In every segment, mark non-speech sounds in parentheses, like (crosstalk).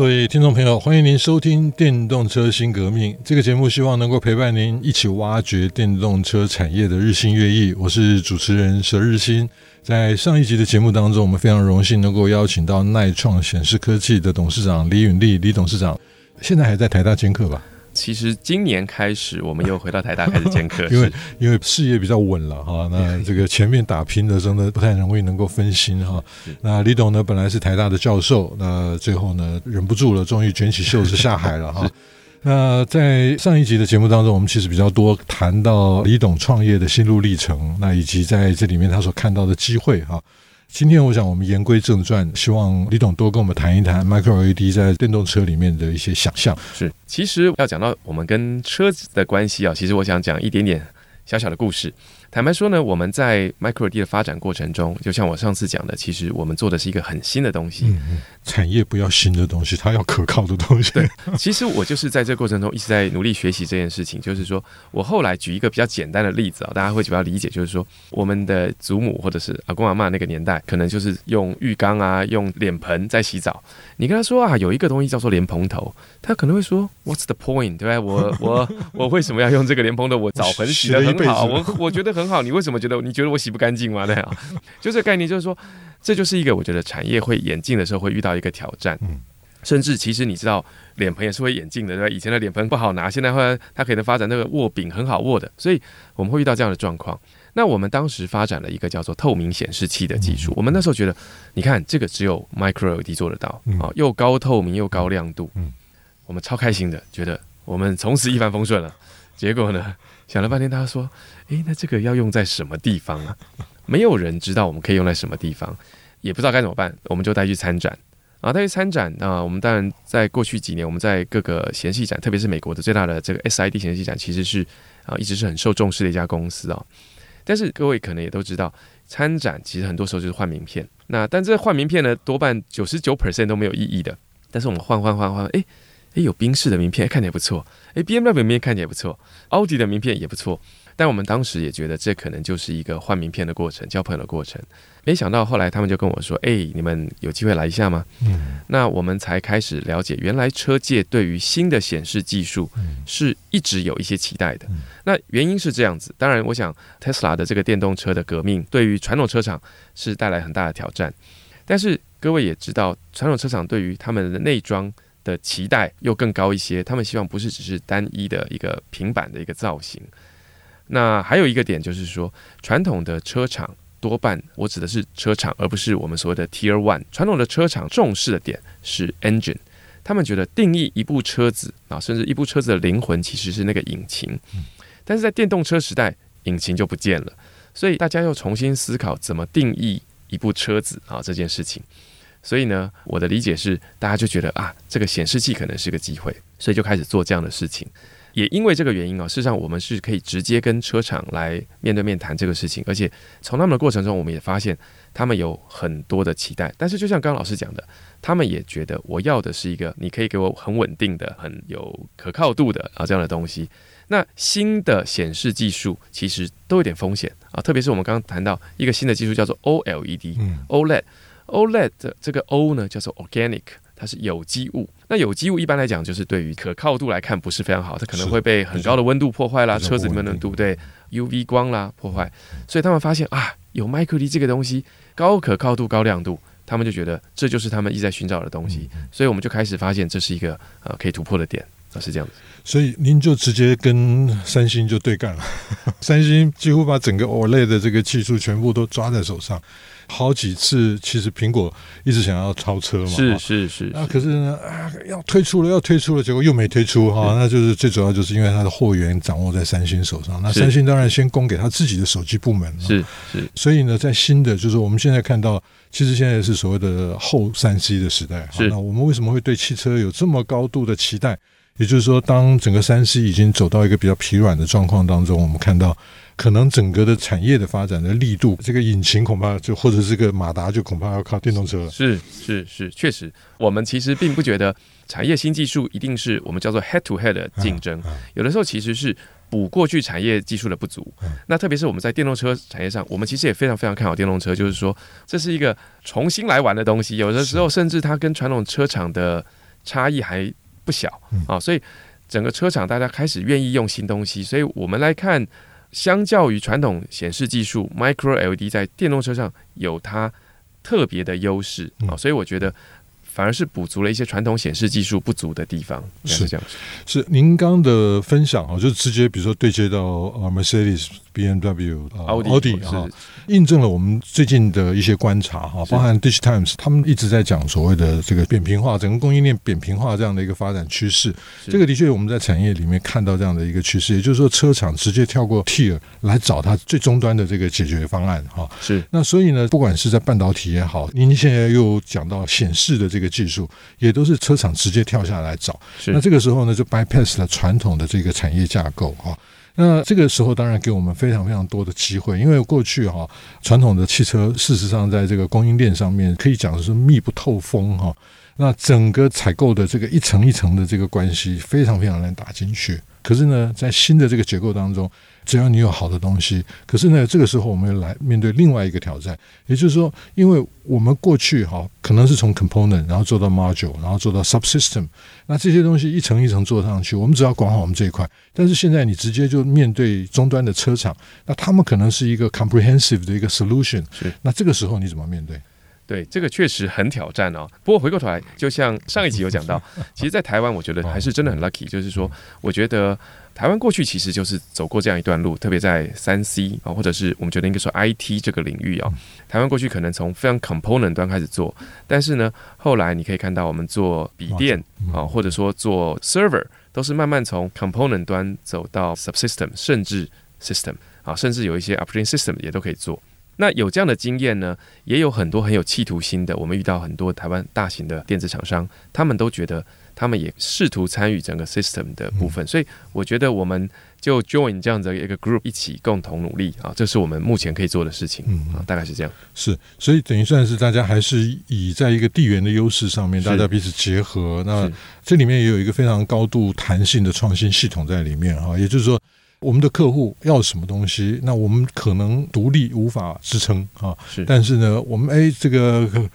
各位聽眾朋友，歡迎您收聽《電動車新革命》這個節目，希望能夠陪伴您一起挖掘電動車產業的日新月異。我是主持人佘日新，在上一集的節目當中，我們非常榮幸能夠邀請到錼創顯示科技的董事長李允立。李董事長現在還在台大兼課吧？其實今年開始，我們又回到台大開始講課， (laughs) 因為因為事業比較穩了哈。是那這個前面打拼真的時候呢，不太容易能夠分心哈。是那李董呢，本來是台大的教授，那最後呢，忍不住了，終於卷起袖子下海了哈。 (laughs) 是那在上一集的節目當中，我們其實比較多談到李董創業的心路歷程，那以及在這裡面他所看到的機會哈。今天我想我們言歸正傳，希望李董多跟我們談一談 Micro LED 在電動車裡面的一些想象。是，其實要講到我們跟車子的關係啊、哦，其實我想講一點點小小的故事。坦白說呢，我們在 Micro LED 的發展過程中，就像我上次講的，其實我們做的是一個很新的東西。嗯嗯。產業不要新的東西，它要可靠的東西。對，其實我就是在這個過程中一直在努力學習這件事情。就是說我後來舉一個比較簡單的例子啊，大家會比較理解。就是說，我們的祖母或者是阿公阿嬤那個年代，可能就是用浴缸啊，用臉盆在洗澡。你跟他說啊，有一個東西叫做蓮蓬頭，他可能會說 What's the point？對吧？我我我為什麼要用這個蓮蓬頭？我澡盆洗得很好，我我，我覺得很。很好，你為什麼覺得？你覺得我洗不乾淨嗎？那樣，就這概念就是說，這就是一個我覺得產業會演進的時候會遇到一個挑戰。嗯，甚至其實你知道，臉盆也是會演進的，對吧？以前的臉盆不好拿，現在後來它可以發展那個握柄很好握的，所以我們會遇到這樣的狀況。那我們當時發展了一個叫做透明顯示器的技術，嗯、我們那時候覺得，你看這個只有 Micro LED 做得到啊、哦，又高透明又高亮度，嗯，我們超開心的，覺得我們從此一帆風順了。結果呢？想了半天，他說：“誒、欸，那這個要用在什麼地方啊？沒有人知道我們可以用在什麼地方，也不知道該怎麼辦。我們就帶去參展啊，帶去參展啊。我們當然在過去幾年，我們在各個顯示器展，特別是美國的最大的這個 SID 顯示器展，其實是啊一直是很受重視的一家公司啊、哦。但是各位可能也都知道，參展其實很多時候就是換名片。那但這換名片呢，多半九十九 percent 都沒有意義的。但是我們換換換換，誒、欸。哎，有賓士的名片，看起來也不錯。哎，BMW 的名片看起來也不錯，奧迪的，的名片也不錯。但我們當時也覺得這可能就是一個換名片的過程，交朋友的過程。沒想到後來他們就跟我說：“哎，你們有機會來一下嗎？” Yeah. 那我們才開始了解，原來車界對於新的顯示技術是一直有一些期待的。Yeah. 那原因是這樣子。當然，我想 Tesla 的這個電動車的革命，對於傳統車廠是帶來很大的挑戰。但是各位也知道，傳統車廠對於他們的內裝。的期待，又更高一些，他們希望，不是只是單一的一個平板的一個造型。那還有一個點就是說，傳統的車廠多半，我指的是車廠，而不是我們所謂的 Tier One。傳統的車廠重視的點是 engine，他們覺得定義一部車子啊，甚至一部車子的靈魂其實是那個引擎。但是在電動車時代，引擎就不見了，所以大家要重新思考怎麼定義一部車子啊這件事情。所以呢，我的理解是，大家就覺得啊，這個顯示器可能是個機會，所以就開始做這樣的事情。也因為這個原因啊，事實上我們是可以直接跟車廠來面對面談這個事情，而且從他們的過程中，我們也發現他們有很多的期待。但是就像剛剛老師講的，他們也覺得我要的是一個你可以給我很穩定的、很有可靠度的啊這樣的東西。那新的顯示技術其實都有點風險啊，特別是我們剛剛談到一個新的技術叫做 OLED，OLED。OLED 這個 O 呢，叫做 organic，它是有機物。那有機物一般來講，就是對於可靠度來看不是非常好，它可能會被很高的溫度破壞啦，車子裡面的對不對？UV 光啦破壞，所以他們發現啊，有 Micro LED 這個東西，高可靠度、高亮度，他們就覺得這就是他們一直在尋找的東西，嗯、所以我們就開始發現這是一個呃可以突破的點。啊，是這樣的，所以您就直接跟三星就對幹了。三星幾乎把整個 O 類的這個技術全部都抓在手上，好幾次其實蘋果一直想要超車嘛，是是是，是。那、啊、可是呢，啊，要推出了要推出了，結果又沒推出哈、啊，那就是最主要就是因為它的貨源掌握在三星手上。那三星當然先供給他自己的手機部門是是。所以呢，在新的就是我們現在看到，其實現在是所謂的後三星的時代、啊。是那我們為什麼會對汽車有這麼高度的期待？也就是說，當整個 3C 已經走到一個比較疲軟的狀況當中，我們看到可能整個的產業的發展的力度，這個引擎恐怕就或者這個馬達就恐怕要靠電動車了。是是是，確實，我們其實並不覺得產業新技術一定是我們叫做 head to head 的競爭，嗯嗯、有的時候其實是補過去產業技術的不足。嗯、那特別是我們在電動車產業上，我們其實也非常非常看好電動車，就是說，這是一個重新來玩的東西。有的時候甚至它跟傳統車廠的差異還不小啊，所以整個車廠大家開始願意用新東西，所以我們來看，相較於傳統顯示技術，Micro LED 在電動車上有它特別的優勢啊，所以我覺得反而是補足了一些傳統顯示技術不足的地方。嗯、是這樣，是您剛的分享啊，就直接比如說對接到呃 Mercedes。B M W、奧迪、uh, 是、啊、印證了我們最近的一些觀察哈、啊，包含 Digitimes，他們一直在講所謂的這個扁平化，是整個供應鏈扁平化這樣的一個發展趨勢。是這個的確我們在產業裡面看到這樣的一個趨勢，也就是說車廠直接跳過 Tier 來找它最終端的這個解決方案哈。啊、是，那所以呢，不管是在半導體也好，您現在又講到顯示的這個技術，也都是車廠直接跳下來找。是那這個時候呢，就 bypass 了傳統的這個產業架構哈。啊那這個時候當然給我們非常非常多的機會，因為過去哈、啊、傳統的汽車事實上在這個供應鏈上面可以講是密不透風哈、啊，那整個採購的這個一層一層的這個關係非常非常難打進去。可是呢，在新的這個結構當中，只要你有好的東西，可是呢，這個時候我們又來面對另外一個挑戰，也就是說，因為我們過去哈可能是從 component，然後做到 module，然後做到 subsystem，那這些東西一層一層做上去，我們只要管好我們這一塊。但是現在你直接就面對終端的車廠，那他們可能是一個 comprehensive 的一個 solution，是那這個時候你怎麼面對？對，這個確實很挑戰啊、哦。不過回過頭來，就像上一集有講到，其實，在台灣，我覺得還是真的很 lucky，就是說，我覺得台灣過去其實就是走過這樣一段路，特別在三 C 啊，或者是我們覺得應該說 IT 這個領域啊，台灣過去可能從非常 component 端開始做，但是呢，後來你可以看到，我們做筆電啊，或者說做 server，都是慢慢從 component 端走到 subsystem，甚至 system，啊，甚至有一些 operating system 也都可以做。那有這樣的經驗呢，也有很多很有企圖心的。我們遇到很多台灣大型的電子廠商，他們都覺得他們也試圖參與整個 system 的部分。嗯、所以我覺得我們就 join 這樣的一個 group 一起共同努力啊，這是我們目前可以做的事情啊，大概是這樣。嗯、是，所以等於算是大家還是以在一個地緣的優勢上面，大家彼此結合。是那這裡面也有一個非常高度彈性的創新系統在裡面啊，也就是說。我們的客戶要什麼東西，那我們可能獨立無法支撐啊。是。但是呢，我們哎，這個。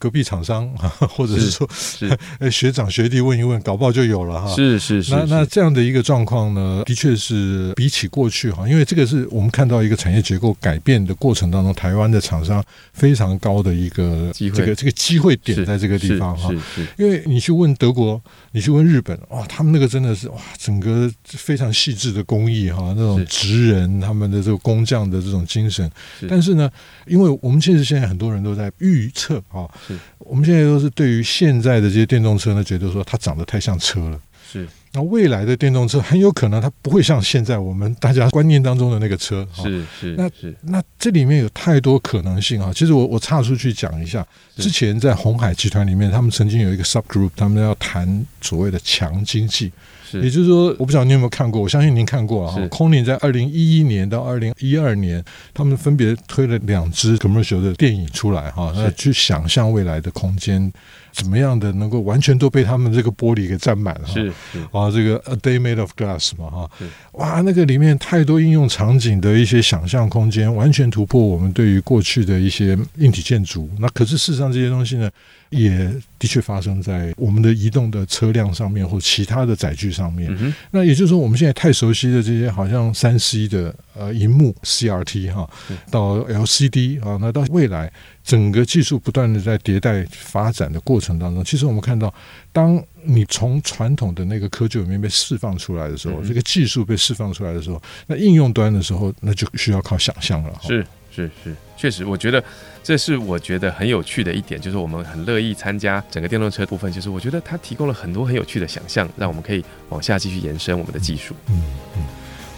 隔壁廠商，或者是說，是是學長學弟問一問，搞不好就有了哈。是是是，那那這樣的一個狀況呢，的確是比起過去哈，因為這個是我們看到一個產業結構改變的過程當中，台灣的廠商非常高的一個機會，這個這個機會點在這個地方哈。因為你去問德國，你去問日本，哇、哦，他們那個真的是哇，整個非常細緻的工藝哈，那種職人他們的這個工匠的這種精神。是，但是呢，因為我們其實現在很多人都在預測啊。是我們現在都是對於現在的這些電動車呢，覺得說它長得太像車了。是，那未來的電動車很有可能它不會像現在我們大家觀念當中的那個車、哦是。是那是，那那這裡面有太多可能性啊、哦！其實我我岔出去講一下，之前在鴻海集團裡面，他們曾經有一個 subgroup，他們要談所謂的強經濟。也就是說，我不知道你有沒有看過，我相信您看過啊。康寧是在二零一一年到二零一二年，他們分別推了兩支 commercial 的電影出來哈，那是去想象未來的空間。怎麼樣的能夠完全都被他們這個玻璃給佔滿？是是啊，這個 A Day Made of Glass 嘛，哈，哇，那個裡面太多應用場景的一些想象空間，完全突破我們對於過去的一些硬體建築。那可是事實上這些東西呢，也的確發生在我們的移動的車輛上面，或其他的載具上面。那也就是說，我們現在太熟悉的這些，好像三 C 的。呃，熒幕 CRT 哈、啊，到 LCD 啊，那到未來整個技術不斷的在迭代發展的過程當中，其實我們看到，當你從傳統的那個科技裡面被釋放出來的時候，嗯嗯，這個技術被釋放出來的時候，那應用端的時候，那就需要靠想象了。啊、是是是，確實，我覺得這是我覺得很有趣的一點，就是我們很樂意參加整個電動車的部分，其實我覺得它提供了很多很有趣的想象，讓我們可以往下繼續延伸我們的技術。嗯嗯。嗯嗯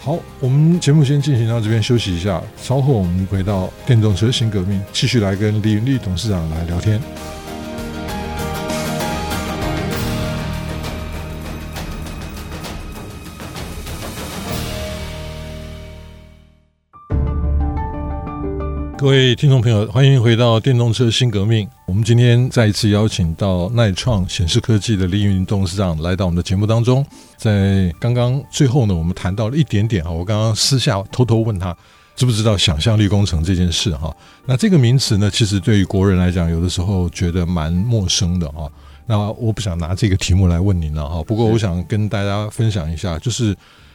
好，我們節目先進行到這邊休息一下，稍後我們回到電動車新革命，繼續來跟李允立董事長來聊天。各位聽眾朋友，歡迎回到電動車新革命。我們今天再一次邀請到錼創顯示科技的李允立董事長來到我們的節目當中。在剛剛最後呢，我們談到了一點點啊。我剛剛私下偷偷問他，知不知道“想象力工程”這件事哈？那這個名詞呢，其實對於國人來講，有的時候覺得蠻陌生的哈，那我不想拿這個題目來問您了哈。不過，我想跟大家分享一下，是就是。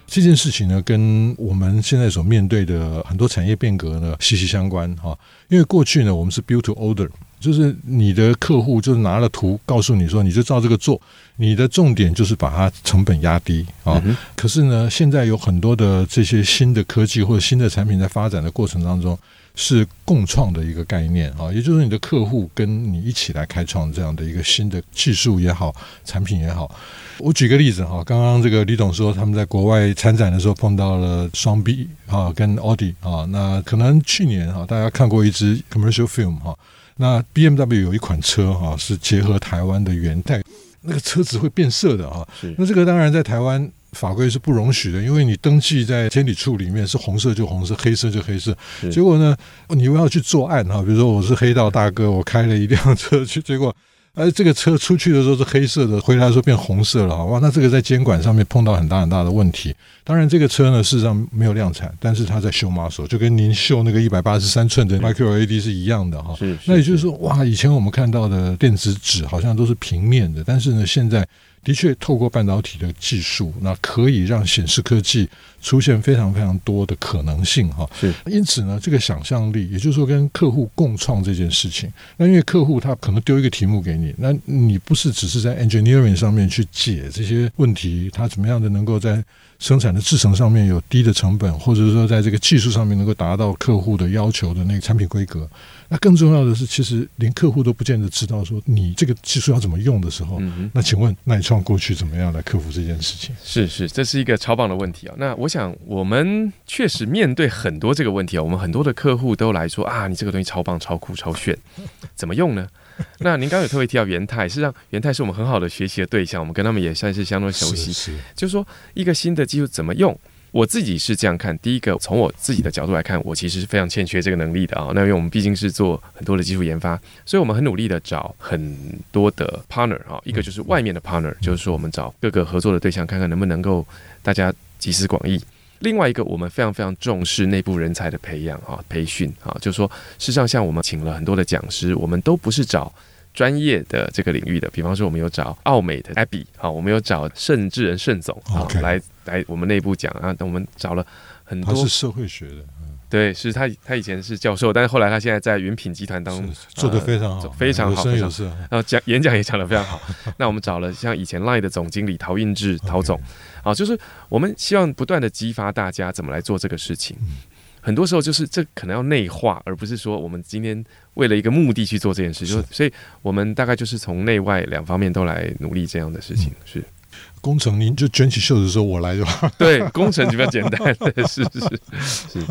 這件事情呢，跟我們現在所面對的很多產業變革呢息息相關哈。因為過去呢，我們是 build to order，就是你的客戶就拿了圖告訴你說，你就照這個做。你的重點就是把它成本壓低啊。可是呢，現在有很多的這些新的科技或者新的產品在發展的過程當中，是共創的一個概念啊，也就是你的客戶跟你一起來開創這樣的一個新的技術也好，產品也好。我舉個例子哈、啊，剛剛這個李董說他們在國外參展的時候碰到了雙 B 啊，跟奧迪啊，那可能去年哈、啊，大家看過一支 commercial film 哈、啊，那 BMW 有一款車哈、啊、是結合台灣的元太，那個車子會變色的啊，那這個當然在台灣。法規是不容許的，因為你登記在監理處裡面是紅色就紅色，黑色就黑色。是結果呢，你又要去作案哈，比如說我是黑道大哥，我開了一輛車去，結果，哎、呃，這個車出去的時候是黑色的，回來的時候變紅色了，哈，哇，那這個在監管上面碰到很大很大的問題。當然，這個車呢，事實上沒有量產，但是它在秀 muscle，就跟您秀那個一百八十三寸的 Micro LED 是一樣的哈。那也就是說，哇，以前我們看到的電子紙好像都是平面的，但是呢，現在。的確，透過半導體的技術，那可以讓顯示科技出現非常非常多的可能性哈。是，因此呢，這個想象力，也就是說，跟客戶共創這件事情，那因為客戶他可能丟一個題目給你，那你不是只是在 engineering 上面去解這些問題，他怎麼樣的能夠在生產的制程上面有低的成本，或者說在這個技術上面能夠達到客戶的要求的那個產品規格。那更重要的是，其實連客戶都不見得知道說你這個技術要怎麼用的時候，嗯嗯，那請問錼創過去怎麼樣來克服這件事情？是是，這是一個超棒的問題啊、哦！那我想我們確實面對很多這個問題啊、哦，我們很多的客戶都來說啊，你這個東西超棒、超酷、超炫，怎麼用呢？那您剛剛有特別提到元太，實際上元太是我們很好的學習的對象，我們跟他們也算是相當熟悉。是是，就是說一個新的技術怎麼用？我自己是這樣看，第一個從我自己的角度來看，我其實是非常欠缺這個能力的啊。那因為我們畢竟是做很多的技術研發，所以我們很努力的找很多的 partner 啊，一個就是外面的 partner，、嗯、就是說我們找各個合作的對象，嗯、看看能不能夠大家集思廣益。另外一個，我們非常非常重視內部人才的培養啊、培訓啊，就是說，事實上像我們請了很多的講師，我們都不是找專業的這個領域的，比方說我們有找奧美的 Abby 啊，我們有找盛智仁盛總啊來。Okay. 來，我們內部講啊。等我們找了很多，他是社會學的，嗯、對，是他他以前是教授，但是後來他現在在雲品集團當中做得非常好，呃，非常好，有聲有色，然後、啊、講演講也講得非常好。 (laughs) 那我們找了像以前賴的總經理陶韻智陶總，Okay. 啊，就是我們希望不斷地激發大家怎麼來做這個事情。嗯、，很多時候就是這可能要內化，而不是說我們今天為了一個目的去做這件事。是，就是所以我們大概就是從內外兩方面都來努力這樣的事情，嗯、是。工程，您就卷起袖子說“我來”就。對，工程就比較簡單， (laughs) 是是是，是。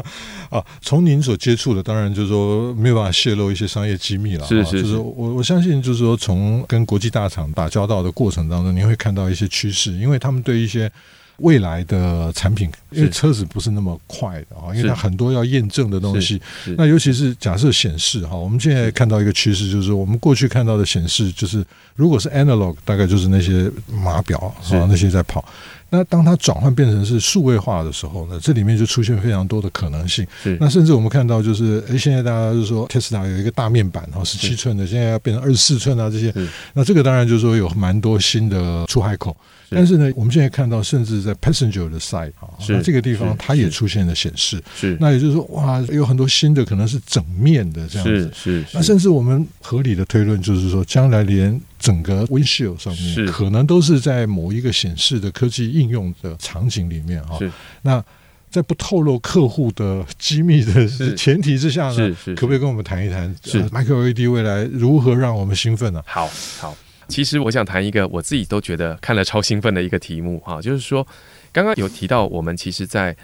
啊，從您所接觸的，當然就是說沒有辦法洩露一些商業機密了。是是是，就是我。我我相信就是說，從跟國際大廠打交道的過程當中，您會看到一些趨勢，因為他們對一些。未來的產品，因為車子不是那麼快的啊，是因為它很多要驗證的東西。是那尤其是假設顯示哈，我們現在看到一個趨勢，就是我們過去看到的顯示，就是如果是 analog，大概就是那些碼表是啊，那些在跑。那當它轉換變成是數位化的時候呢，這裡面就出現非常多的可能性。是那甚至我們看到就是，誒、欸，現在大家就是說，Tesla 有一個大面板哈，十七寸的，是現在要變成二十四寸啊，這些。是那這個當然就是說有蠻多新的出海口。是但是呢，我們現在看到，甚至在 Passenger 的 Side 啊是、喔，那這個地方它也出現了顯示是。是。那也就是說，哇，有很多新的可能是整面的這樣子。是是。是是那甚至我們合理的推論就是說，將來連。整個 windshield 上面是，可能都是在某一個顯示的科技應用的場景裡面哈、哦是，是那在不透露客戶的機密的前提之下呢是，是是，可不可以跟我們談一談？是、uh, Micro LED 未來如何讓我們興奮呢、啊是？好，好，其實我想談一個我自己都覺得看了超興奮的一個題目啊，就是說剛剛有提到我們其實，在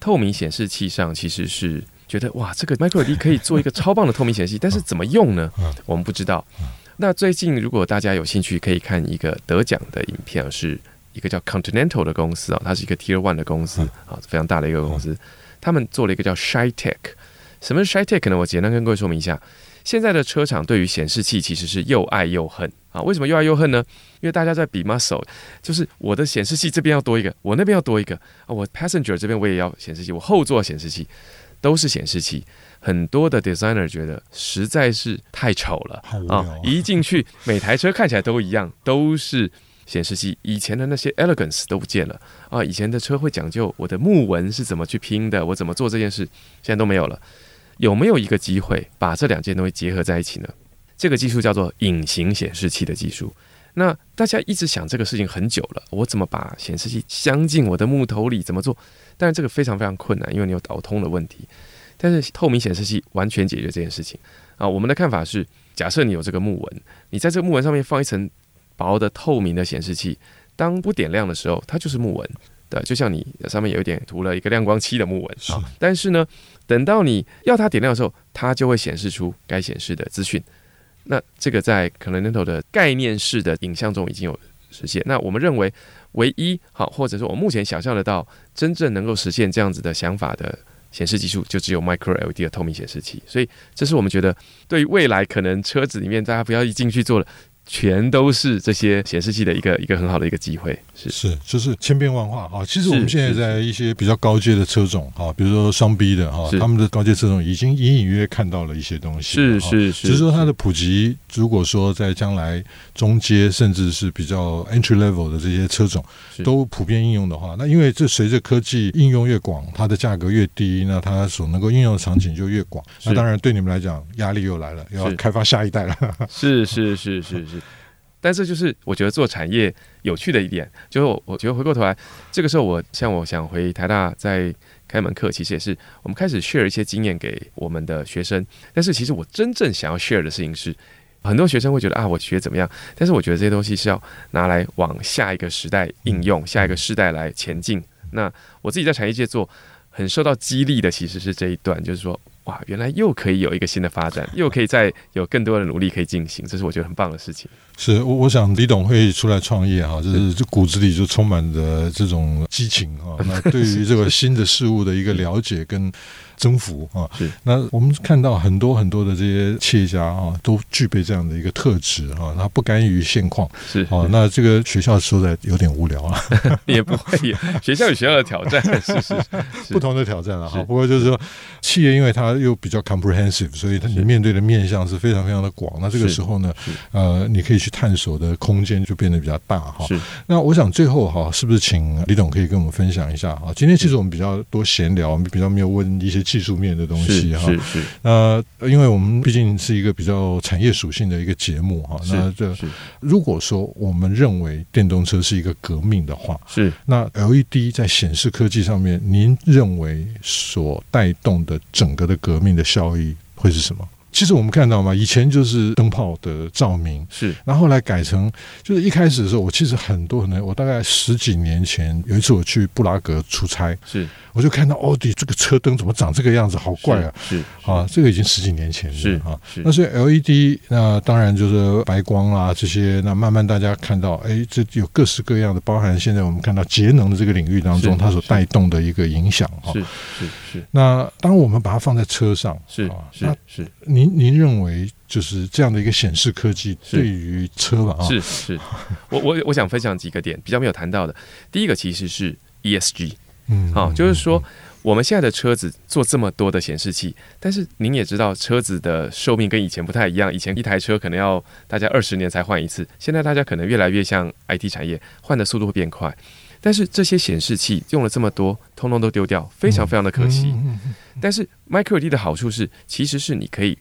透明顯示器上其實是覺得哇，這個 Micro LED 可以做一個超棒的透明顯示器， (laughs) 但是怎麼用呢？啊、我們不知道。啊那最近，如果大家有興趣，可以看一個得獎的影片，是一個叫 Continental 的公司啊，它是一個 Tier One 的公司啊，非常大的一個公司。他們做了一個叫 Shy Tech，什麼是 Shy Tech 呢？我簡單跟各位說明一下。現在的車廠對於顯示器其實是又愛又恨啊。為什麼又愛又恨呢？因為大家在比 muscle，就是我的顯示器這邊要多一個，我那邊要多一個啊。我 Passenger 這邊我也要顯示器，我後座顯示器。都是顯示器，很多的 designer 覺得實在是太醜了，太沒有啊，啊！一進去，每台車看起來都一樣，都是顯示器，以前的那些 elegance 都不見了啊！以前的車會講究我的木紋是怎麼去拼的，我怎麼做這件事，現在都沒有了。有沒有一個機會把這兩件東西結合在一起呢？這個技術叫做隱形顯示器的技術。那大家一直想這個事情很久了，我怎麼把顯示器鑲進我的木頭裡？怎麼做？但是這個非常非常困難，因為你有導通的問題。但是透明顯示器完全解決這件事情啊！我們的看法是，假設你有這個木紋，你在這個木紋上面放一層薄的透明的顯示器，當不點亮的時候，它就是木紋的，就像你上面有一點塗了一個亮光漆的木紋。啊是。但是呢，等到你要它點亮的時候，它就會顯示出該顯示的資訊。那這個在 Continental 的概念式的影像中已經有實現。那我們認為，唯一好或者說我目前想象得到真正能夠實現這樣子的想法的顯示技術，就只有 micro LED 的透明顯示器。所以，這是我們覺得對於未來可能車子裡面大家不要一進去做了，全都是這些顯示器的一個一個很好的一個機會。是，就是千變萬化啊！其實我們現在在一些比較高階的車種啊，比如說雙 B 的啊，他們的高階車種已經隱隱約約看到了一些東西。是是是，只是說它的普及，如果說在將來中階甚至是比較 entry level 的這些車種都普遍應用的話，那因為這隨着科技應用越廣，它的價格越低，那它所能夠應用的場景就越廣。那當然對你們來講壓力又來了，要開發下一代了。是是是是是。但是就是我覺得做產業有趣的一點，就是我我覺得回過頭來，這個時候我像我想回台大再開門課，其實也是我們開始 share 一些經驗給我們的學生。但是其實我真正想要 share 的事情是，很多學生會覺得啊，我學怎麼樣？但是我覺得這些東西是要拿來往下一個時代應用，下一個時代來前進。那我自己在產業界做，很受到激勵的其實是這一段，就是說。哇，原來又可以有一個新的發展，又可以再有更多的努力可以進行，這是我覺得很棒的事情。是，我我想李董會出來創業哈，這是就是骨子裡就充滿着這種激情啊。是那對於這個新的事物的一個了解跟 (laughs) 是。跟征服啊！是，那我們看到很多很多的這些企業家啊，都具備這樣的一個特質啊，他不甘於現況。是啊。那這個學校說的有點無聊啊， (laughs) 也不會，學校有學校的挑戰， (laughs) 是是是，不同的挑戰了是，不過就是說，企業因為它又比較 comprehensive，所以它你面對的面向是非常非常的廣。那這個時候呢，呃，你可以去探索的空間就變得比較大哈。是那我想最後哈，是不是請李董可以跟我們分享一下啊？今天其實我們比較多閒聊，我們比較沒有問一些。技術面的東西哈，是是，那因為我們畢竟是一個比較產業屬性的一個節目哈，那這如果說我們認為電動車是一個革命的話，是，是，那 LED 在顯示科技上面，您認為所帶動的整個的革命的效益會是什麼？其實我們看到嘛，以前就是燈泡的照明，是，然後來改成，就是一開始的時候，我其實很多很多，我大概十幾年前有一次我去布拉格出差，是，我就看到奧迪這個車燈怎麼長這個樣子，好怪啊，是，是，是，啊，這個已經十幾年前了是，是啊，那所以 LED，那當然就是白光啊這些，那慢慢大家看到，哎，這有各式各樣的，包含現在我們看到節能的這個領域當中，是是是它所帶動的一個影響哈，是是，是、啊，那當我們把它放在車上，是是是，你、啊。您您認為就是這樣的一個顯示科技，對於車吧啊？是是，我我我想分享幾個點比較沒有談到的。第一個其實是 ESG，嗯啊，就是說我們現在的車子做這麼多的顯示器，但是您也知道，車子的壽命跟以前不太一樣。以前一台車可能要大家二十年才換一次，現在大家可能越來越像 IT 產業，換的速度會變快。但是這些顯示器用了這麼多，通通都丟掉，非常非常的可惜。嗯嗯，但是 Micro LED 的好處是，其實是你可以。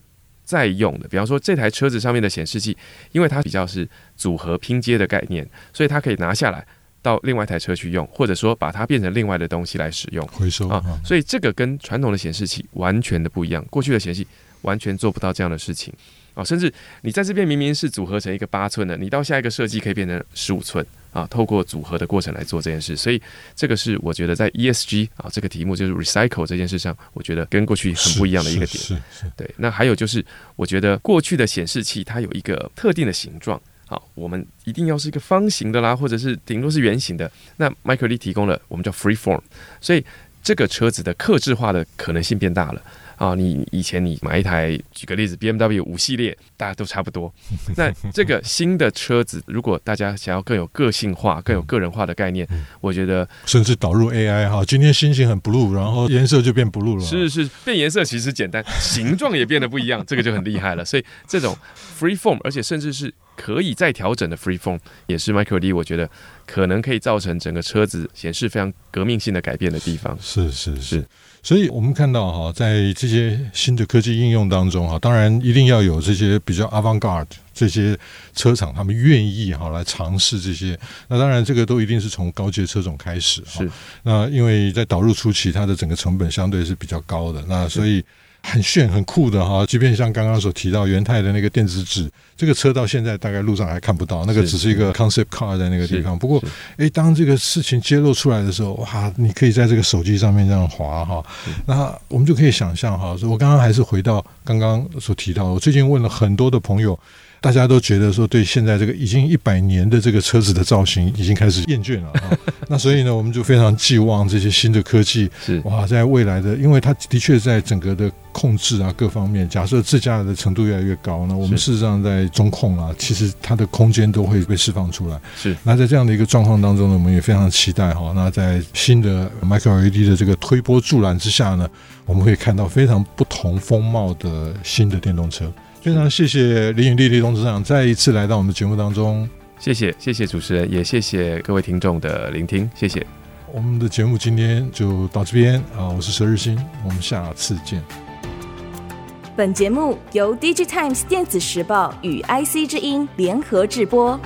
再用的，比方說這台車子上面的顯示器，因為它比較是組合拼接的概念，所以它可以拿下來到另外一台車去用，或者說把它變成另外的東西來使用，回收啊。嗯、所以這個跟傳統的顯示器完全的不一樣，過去的顯示器完全做不到這樣的事情。啊、哦，甚至你在這邊明明是組合成一個八寸的，你到下一個設計可以變成十五寸啊。透過組合的過程來做這件事，所以這個是我覺得在 ESG 啊這個題目就是 recycle 這件事上，我覺得跟過去很不一樣的一個點。對，那還有就是，我覺得過去的顯示器它有一個特定的形狀，好，我們一定要是一個方形的啦，或者是頂多是圓形的。那 Micro LED 提供了我們叫 freeform，所以。這個車子的客製化的可能性變大了啊！你以前你買一台，舉個例子，B M W 五系列，大家都差不多。 (laughs) 那這個新的車子，如果大家想要更有個性化、更有個人化的概念，我覺得、嗯嗯、甚至導入 A I 哈，今天心情很 blue，然後顏色就變 blue 了。是是，變顏色其實簡單，形狀也變得不一樣，這個就很厲害了。所以這種 free form，而且甚至是。可以再調整的 Freeform 也是 Micro LED，我覺得可能可以造成整個車子顯示非常革命性的改變的地方。是是是，是是是，所以我們看到哈，在這些新的科技應用當中哈，當然一定要有這些比較 avant-garde 這些車廠，他們願意哈來嘗試這些。那當然，這個都一定是從高階車種開始。是。那因為在導入初期，它的整個成本相對是比較高的，那所以。 (laughs) 很炫、很酷的哈，即便像剛剛所提到，元太的那個電子紙，這個車到現在大概路上還看不到，那個只是一個 concept car 在那個地方。是是是不過，哎、欸，當這個事情揭露出來的時候，哇，你可以在這個手機上面這樣滑哈，那我們就可以想象哈。我剛剛還是回到剛剛所提到，我最近問了很多的朋友。大家都覺得說，對現在這個已經一百年的這個車子的造型，已經開始厭倦了，哦。 (laughs) 那所以呢，我們就非常寄望這些新的科技。是，哇，在未來的，因為它的確在整個的控制啊、各方面，假設自駕的程度越來越高，那我們事實上在中控啊，其實它的空間都會被釋放出來。是。那在這樣的一個狀況當中呢，我們也非常期待哈、哦。那在新的 Micro LED 的這個推波助瀾之下呢，我們會看到非常不同風貌的新的電動車。非常謝謝李允立、李董事長再一次來到我們的節目當中。謝謝，謝謝主持人，也謝謝各位聽眾的聆聽，謝謝。我們的節目今天就到這邊啊，我是佘日新，我們下次見。本節目由 DigiTimes 電子時報與 IC 之音聯合制播。